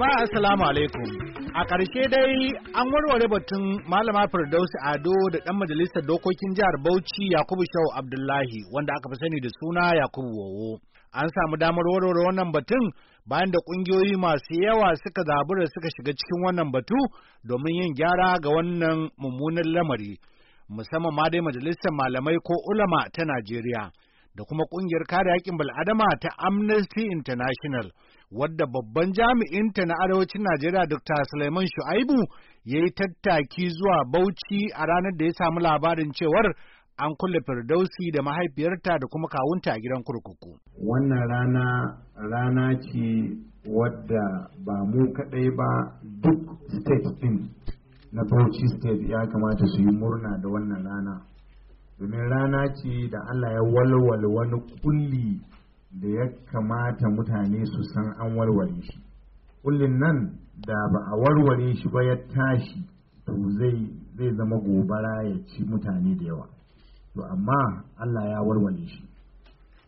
Jama'a assalamu alaikum. A ƙarshe dai an warware batun Malama Firdausi Ado da ɗan majalisar dokokin jihar Bauchi Yakubu Shau Abdullahi wanda aka fi sani da suna Yakubu Wowo. An samu damar warware wannan batun bayan da ƙungiyoyi masu yawa suka zabura suka shiga cikin wannan batu domin yin gyara ga wannan mummunan lamari. Musamman ma dai majalisar malamai ko ulama ta Najeriya. da kuma ƙungiyar kare haƙƙin bal'adama ta Amnesty International, wadda babban jami'inta na arewacin Najeriya Dr. Suleiman Shu'aibu ya yi tattaki zuwa Bauchi a ranar da ya samu labarin cewar an kulle Firdausi da mahaifiyarta da kuma kawunta a gidan kurkuku. Wannan rana rana ce wadda ba mu kaɗai ba duk state ɗin na Bauchi state ya kamata su yi murna da wannan rana. domin rana ce da Allah ya walwal wani kulli da ya kamata mutane su san an walwale shi kullin nan da ba a warware shi ba ya tashi to zai zai zama gobara ya ci mutane da yawa to amma Allah ya walwale shi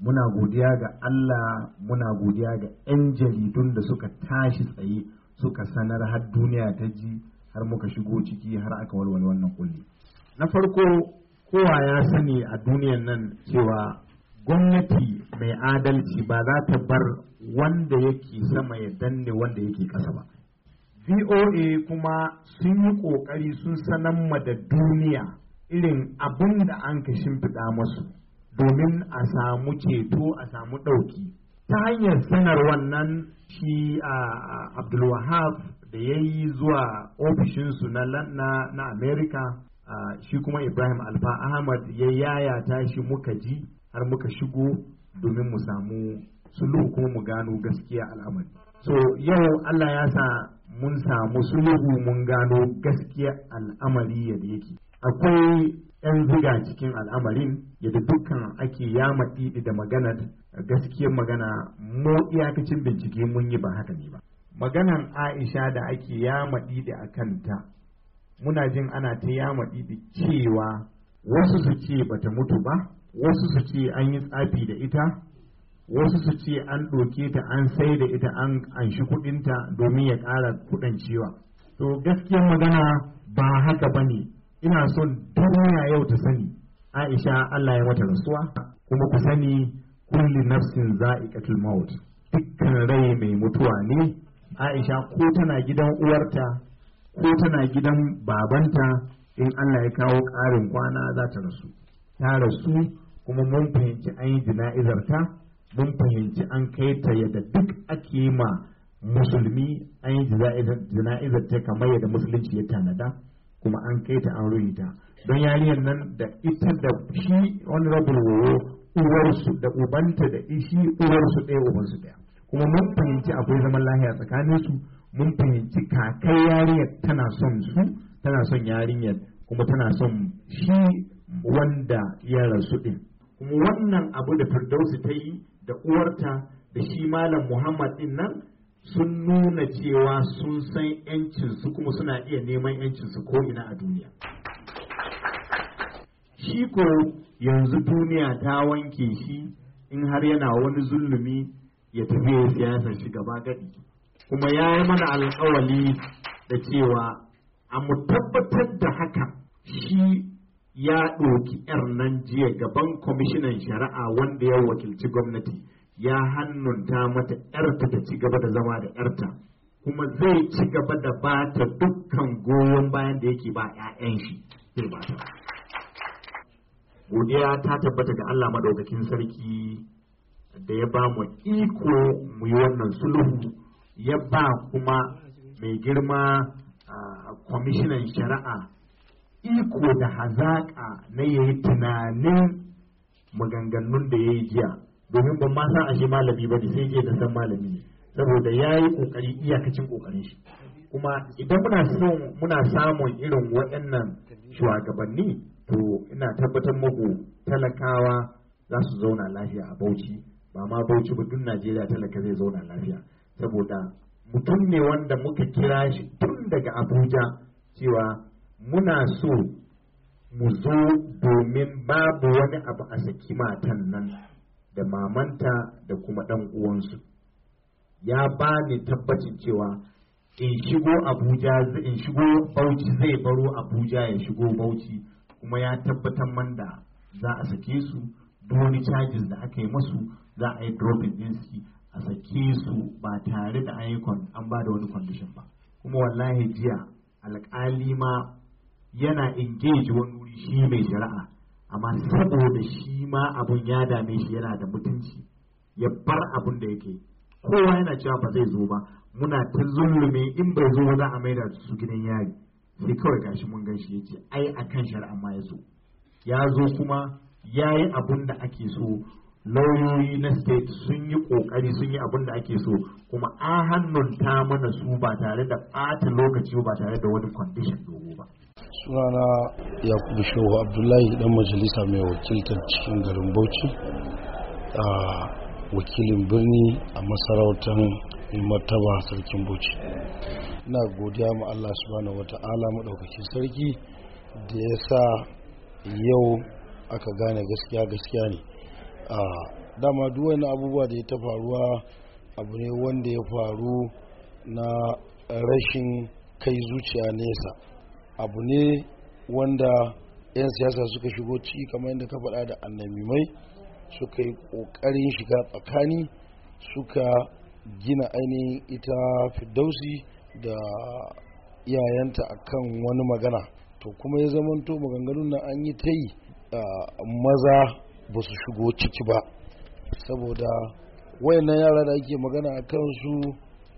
muna godiya ga Allah muna godiya ga 'yan jaridun da suka tashi tsaye suka sanar har duniya ta ji har muka shigo ciki har aka walwale wannan kulli na farko kowa ya sani a duniyan nan cewa gwamnati mai adalci ba za ta bar wanda yake sama ya danne wanda yake ƙasa ba voa kuma sun yi ƙoƙari sun sanar ma da duniya irin abin da an ka shimfiɗa masu domin a samu ceto a samu ɗauki ta hanyar sanar wannan shi a abdulwahab da ya yi zuwa ofishinsu na, na, na amerika Ah, shi kuma ibrahim alfa ahmad ya yayata shi muka ji har muka shigo domin mu samu sulhu kuma mu gano gaskiya al'amari so yau allah ya sa mun samu sulhu mun gano gaskiya al'amari yadda yake akwai 'yan ziga cikin al'amarin yadda dukkan ake yama da maganar gaskiyar magana mu iyakacin bincike mun yi ba haka ne ba maganan aisha da ake ya da a kanta muna jin ana ta yama ɗiɗi cewa wasu su ce ba ta mutu ba wasu su ce an yi tsafi da ita wasu su ce an ɗoke ta an sai da ita an anshi kuɗinta domin ya ƙara kuɗin ciwa to gaskiyar magana ba haka ba ne ina son duniya yau ta sani aisha allah ya mata rasuwa kuma ku sani kulli nafsin za'iqatul maut dukkan rai mai mutuwa ne aisha ko tana gidan uwarta ko tana gidan babanta in Allah ya kawo ƙarin kwana za ta rasu ta rasu kuma mun fahimci an yi jana'izar mun fahimci an kai ta yadda duk ake ma musulmi an yi jana'izar kamar yadda musulunci ya tanada kuma an kai ta an ruhi ta don yariyar nan da ita da shi rabin wowo uwarsu da ubanta da ishi uwarsu ɗaya ubansu ɗaya kuma mun fahimci akwai zaman lahiya tsakaninsu mun fahimci kakai yarinyar tana son su tana son yarinyar kuma tana son shi wanda ya rasu din kuma wannan abu da firdausi ta yi da uwarta da shi malam muhammad din nan sun nuna cewa sun san yancinsu kuma suna iya neman yancinsu ko ina a duniya shi ko yanzu duniya ta wanke shi in har yana wani zulumi ya tafi ya siyasar shi gaba gadi kuma ya yi mana alkawali da cewa a mu tabbatar da haka shi ya ɗoki 'yar nan jiya gaban kwamishinan shari'a wanda ya wakilci gwamnati ya hannunta mata 'yarta da ci gaba da zama da 'yarta kuma zai ci gaba da ba ta dukkan goyon bayan da yake ba 'ya'yan shi zai ba ta godiya ta tabbata ga Allah madaukakin sarki da ya ba mu iko mu yi wannan sulhu ya ba kuma mai girma kwamishinan shari'a iko da hazaƙa na yayi tunanin maganganun da ya yi jiya domin ban ma a ashe malami ba ne sai jiya da san malami ne saboda ya yi ƙoƙari iyakacin ƙoƙarin shi kuma idan muna son muna samun irin waɗannan shugabanni to ina tabbatar muku talakawa za su zauna lafiya a bauchi ba ma bauchi ba duk najeriya talaka zai zauna lafiya saboda mutum ne wanda muka kira shi tun daga abuja cewa muna so mu zo domin babu wani abu a saki matan nan da mamanta da kuma ɗan uwansu ya ba ni tabbacin cewa in shigo abuja in shigo bauchi zai baro abuja ya shigo bauchi kuma ya tabbatar man da za a sake su duk wani charges da aka yi masu za a yi dropping din a sake su ba tare da ayyukan an ba da wani kwandishin ba kuma wallahi jiya alƙali ma yana engage wani wuri shi mai shari'a amma saboda shi ma abun ya dame shi yana da mutunci ya bar abun da yake kowa yana cewa ba zai zo ba muna ta zullume in bai zo za a maida su gidan yari sai kawai gashi mun shi ya ce ai akan shari'a ma ya zo ya zo kuma ya yi abun da ake so lauyoyi na state sun yi kokari sun yi abin da ake so kuma a hannun ta mana su ba tare da ɓata lokaci ba tare da wani condition dogo ba sunana yakubu shehu abdullahi dan majalisa mai wakiltar cikin garin bauchi a wakilin birni a masarautar martaba sarkin bauchi ina godiya ma allah subhanahu wata'ala maɗaukakin sarki da ya sa yau aka gane gaskiya gaskiya ne a dama duk wani abubuwa da ya ta faruwa abu ne wanda ya faru na rashin kai zuciya nesa abu ne wanda 'yan siyasa suka shigo ciki kamar yadda ka faɗa da annamimai suka yi ƙoƙarin shiga tsakani suka gina ainihin ita fidausi da iyayenta kan wani magana to kuma ya zamanto maganganun nan an yi ta yi maza ba su shigo ciki ba saboda wayannan yara da ake magana a kansu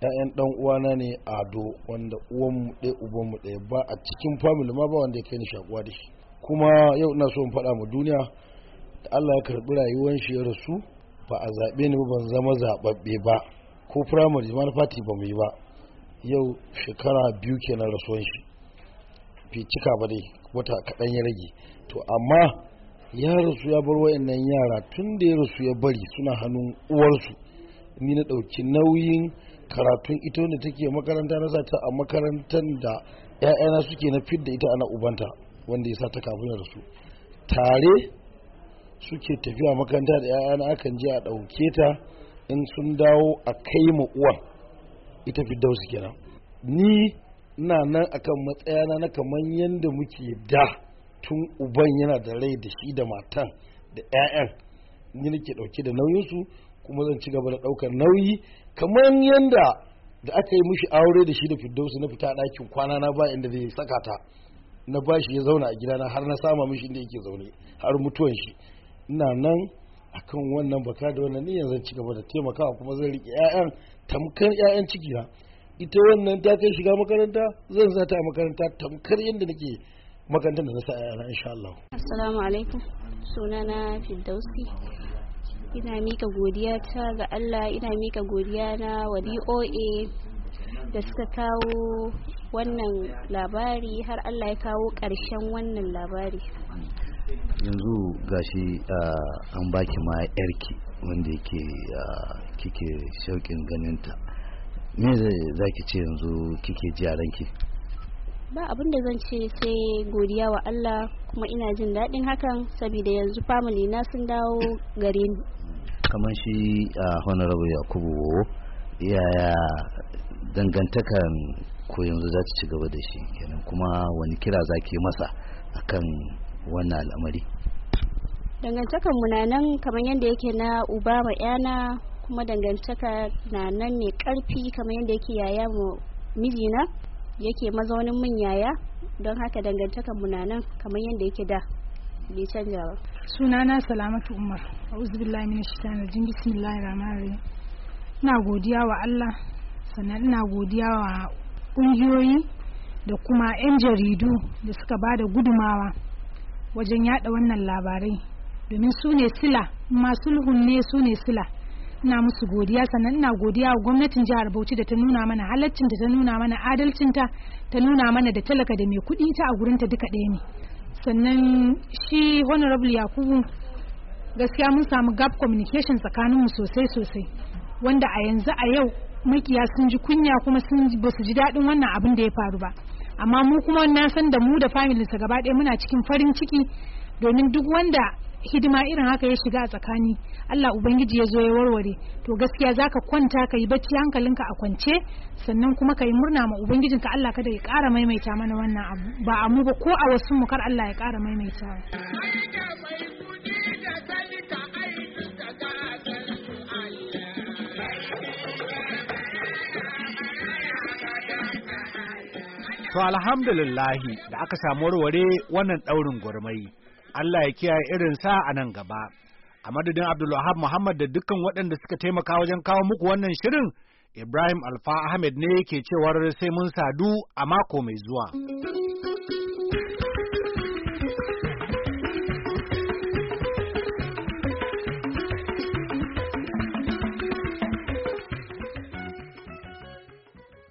'ya'yan ɗan uwana ne ado wanda uwanmu ɗaya ubanmu ɗaya ba a cikin famili ma ba wanda ya kai ni shakuwa da shi kuma yau ina so in faɗa mu duniya da Allah ya karɓi rayuwar shi ya rasu ba a zaɓe ni ban zama zaɓaɓɓe ba ko firamare ma na fati ba mu yi ba yau shekara biyu kenan rasuwan shi bai cika ba dai wata kaɗan ya rage to amma ya rasu ya bar wayannan yara tun da ya rasu ya bari suna hannun uwarsu ni na ɗauki nauyin karatun ita wanda take makaranta na zata a makarantar da 'ya'yana suke na fidda ita ana ubanta wanda ya sa ta kafin ya rasu tare suke tafiya makaranta da 'ya'yana akan je a ɗauke ta in sun dawo a kai ma uwan ita su kenan ni na nan akan matsayana na kamar yadda muke da tun uban yana da rai da shi da matan da 'ya'yan ni nake ɗauke da nauyinsu kuma zan ci gaba da ɗaukar nauyi kamar yadda da aka yi mishi aure da shi da firdausu na fita ɗakin kwana na ba inda zai saka ta na ba ya zauna a gidana har na sama mishi inda yake zaune har mutuwan shi ina nan akan wannan baka da wannan niyyar zan ci gaba da taimakawa kuma zan riƙe 'ya'yan tamkar 'ya'yan ciki na ita wannan ta kai shiga makaranta zan sa ta makaranta tamkar yadda nake magandan da na sa yana insha Allah assalamu alaikum sunana fiddausi ina mika godiya ta ga Allah ina mika godiya na wa DOA da suka kawo wannan labari har Allah ya kawo ƙarshen wannan labari yanzu gashi an baki ma yarki wanda yake kike shauƙin ganinta me zai zaki ce yanzu kike ji ranki ba abin da zan ce sai godiya wa Allah kuma ina jin daɗin hakan saboda yanzu family na sun dawo gare ni kamar shi a honorable yakubu ya yaya dangantakan ko yanzu za ta ci gaba da shi kenan kuma wani kira za ke masa akan wannan al'amari dangantakan mu na nan kamar yadda yake na uba ma yana kuma dangantaka na nan ne karfi kamar yadda yake yaya mu mijina yake mazaunin mun yaya don haka dangantakan mu nan kamar yadda yake da bai canja ba sunana salamatu umar a'udhu billahi minash shaitanir rajim bismillahir rahmanir rahim ina godiya wa Allah sannan ina godiya wa ƙungiyoyi da kuma 'yan jaridu da suka ba da gudumawa wajen yada wannan labarai domin su ne sila masu sulhun ne su ne sila ina musu godiya sannan ina godiya wa gwamnatin jihar Bauchi da ta nuna mana halaccin ta nuna mana adalcin ta ta nuna mana da talaka da mai kuɗi ta a gurin ta duka ɗaya ne sannan shi honorable Yakubu gaskiya mun samu gap communication tsakanin mu sosai sosai wanda a yanzu a yau makiya sun ji kunya kuma sun ba su ji daɗin wannan abin da ya faru ba amma mu kuma na san da mu da familinsa gaba ɗaya muna cikin farin ciki domin duk wanda hidima irin haka ya shiga a tsakani Allah ubangiji ya zo ya warware to gaskiya zaka kwanta ka yi bacci hankalinka a kwance sannan kuma ka yi murna ma ka Allah kada ya ƙara maimaita mana wannan abu ba a mu ba ko a wasu mu kar Allah ya ƙara maimaita To alhamdulillahi da aka samu warware wannan daurin gwarmai Allah ya kiyaye irin sa a nan gaba. A madadin Abdulwahab Muhammad da dukkan waɗanda suka taimaka wajen kawo muku wannan shirin, Ibrahim Alfa Ahmed ne ke cewar sai mun sadu a mako mai zuwa.